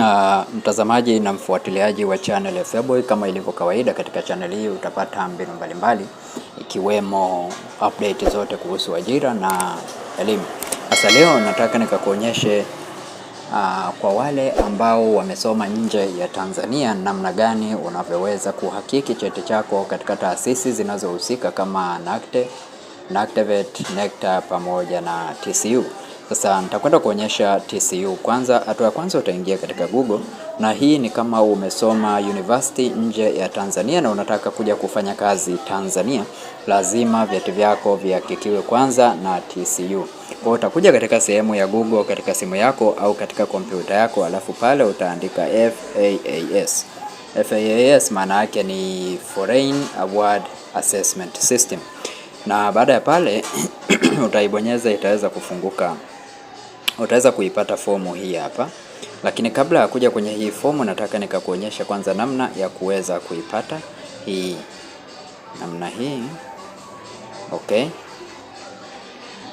Uh, mtazamaji na mfuatiliaji wa channel ya FEABOY, kama ilivyo kawaida, katika channel hii utapata mbinu mbalimbali ikiwemo update zote kuhusu ajira na elimu. Sasa leo nataka nikakuonyeshe uh, kwa wale ambao wamesoma nje ya Tanzania, namna gani unavyoweza kuhakiki cheti chako katika taasisi zinazohusika kama NACTE, NACTEVET, NECTA pamoja na TCU. Sasa nitakwenda kuonyesha TCU. Kwanza, hatua ya kwanza utaingia katika Google, na hii ni kama umesoma university nje ya Tanzania na unataka kuja kufanya kazi Tanzania, lazima vyeti vyako vihakikiwe kwanza na TCU. Kwa utakuja katika sehemu ya Google katika simu yako au katika kompyuta yako, alafu pale utaandika FAAS. FAAS maana yake ni Foreign Award Assessment System, na baada ya pale utaibonyeza, itaweza kufunguka utaweza kuipata fomu hii hapa, lakini kabla ya kuja kwenye hii fomu, nataka nikakuonyesha kwanza namna ya kuweza kuipata hii namna hii. Okay,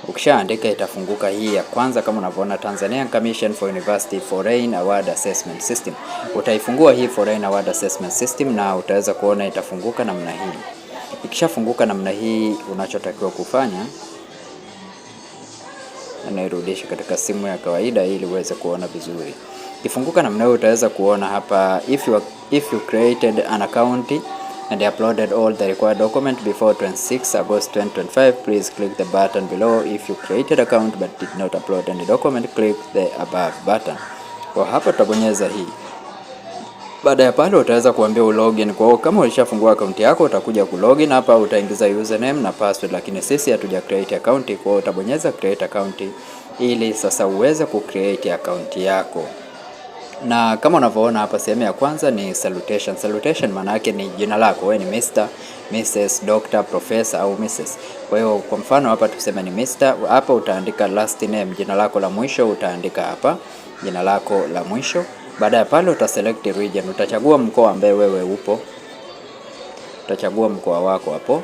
ukishaandika itafunguka hii ya kwanza kama unavyoona, Tanzanian Commission for University Foreign Award Assessment System. Utaifungua hii Foreign Award Assessment System na utaweza kuona itafunguka namna hii. Ikishafunguka namna hii, unachotakiwa kufanya anairudisha katika simu ya kawaida ili uweze kuona vizuri. Ikifunguka namna hiyo utaweza kuona hapa if you, if you created an account and uploaded all the required document before 26 August 2025 please click the button below. If you created account but did not upload any document click the above button. Kwa hapa tutabonyeza hii baada ya pale utaweza kuambia ulogin. Kwa hiyo kama ulishafungua akaunti yako utakuja kulogin hapa, utaingiza username na password, lakini sisi hatuja create account. Kwa hiyo utabonyeza create account ili sasa uweze ku create account yako na kama unavyoona hapa sehemu ya kwanza ni salutation. Salutation maana yake ni jina lako, wewe ni Mr, Mrs, Dr, Professor au Mrs. Kwa hiyo kwa mfano hapa tuseme ni Mr, hapa utaandika last name, jina lako la mwisho utaandika hapa jina lako la mwisho baada ya pale uta select region, utachagua mkoa ambaye wewe upo, utachagua mkoa wako hapo,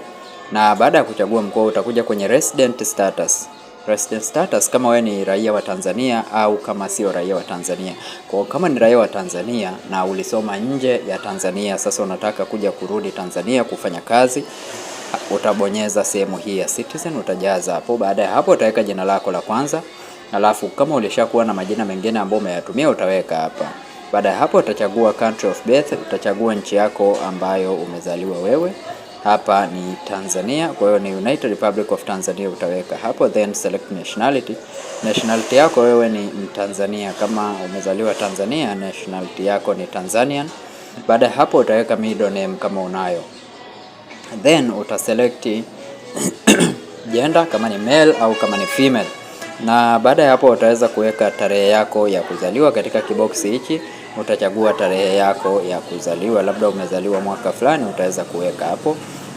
na baada ya kuchagua mkoa utakuja kwenye resident status. Resident status kama wewe ni raia wa Tanzania au kama sio raia wa Tanzania. Kwa kama ni raia wa Tanzania na ulisoma nje ya Tanzania, sasa unataka kuja kurudi Tanzania kufanya kazi, utabonyeza sehemu hii ya citizen, utajaza hapo. Baada ya hapo utaweka jina lako la kwanza Alafu kama ulishakuwa na majina mengine ambayo umeyatumia utaweka hapa. Baada ya hapo utachagua country of birth, utachagua nchi yako ambayo umezaliwa wewe. Hapa ni Tanzania, kwa hiyo ni United Republic of Tanzania utaweka hapo, then select nationality. Nationality yako wewe ni Mtanzania, kama umezaliwa Tanzania nationality yako ni Tanzanian. Baada ya hapo utaweka middle name kama unayo, then utaselect gender kama ni male au kama ni female na baada ya hapo utaweza kuweka tarehe yako ya kuzaliwa katika kiboksi hichi. Utachagua tarehe yako ya kuzaliwa, labda umezaliwa mwaka fulani, utaweza kuweka hapo,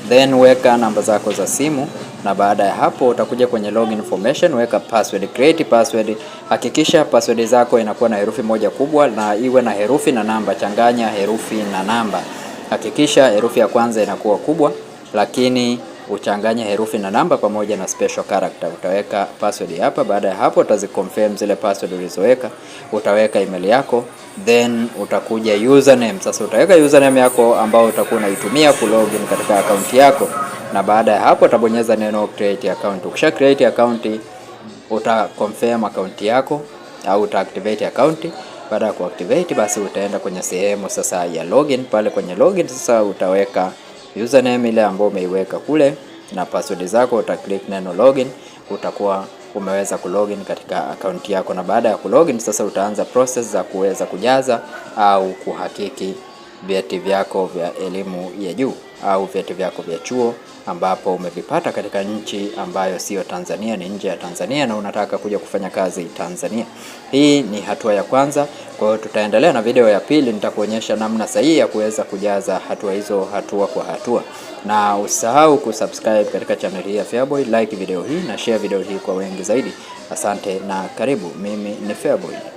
then weka namba zako za simu, na baada ya hapo utakuja kwenye login information, weka password, create password. Hakikisha password zako inakuwa na herufi moja kubwa na iwe na herufi na namba, changanya herufi na namba. Hakikisha herufi ya kwanza inakuwa kubwa, lakini uchanganye herufi na namba pamoja na special character. Utaweka password hapa. Baada ya hapo, utaziconfirm zile password ulizoweka, utaweka email yako, then utakuja username. Sasa utaweka username yako ambao utakuwa unaitumia ku login katika account yako, na baada ya hapo utabonyeza neno create account. Ukisha create account, utaconfirm account yako au utaactivate account. Baada ya kuactivate, basi utaenda kwenye sehemu sasa ya login. Pale kwenye login sasa utaweka username ile ambayo umeiweka kule na password zako, uta click neno login, utakuwa umeweza kulogin katika akaunti yako. Na baada ya kulogin sasa, utaanza process za kuweza kujaza au kuhakiki vyeti vyako vya elimu ya juu au vyeti vyako vya chuo ambapo umevipata katika nchi ambayo siyo Tanzania, ni nje ya Tanzania na unataka kuja kufanya kazi Tanzania. Hii ni hatua ya kwanza. Kwa hiyo tutaendelea na video ya pili, nitakuonyesha namna sahihi ya kuweza kujaza hatua hizo hatua kwa hatua, na usisahau kusubscribe katika channel hii ya Feaboy, like video hii na share video hii kwa wengi zaidi. Asante na karibu. Mimi ni Feaboy.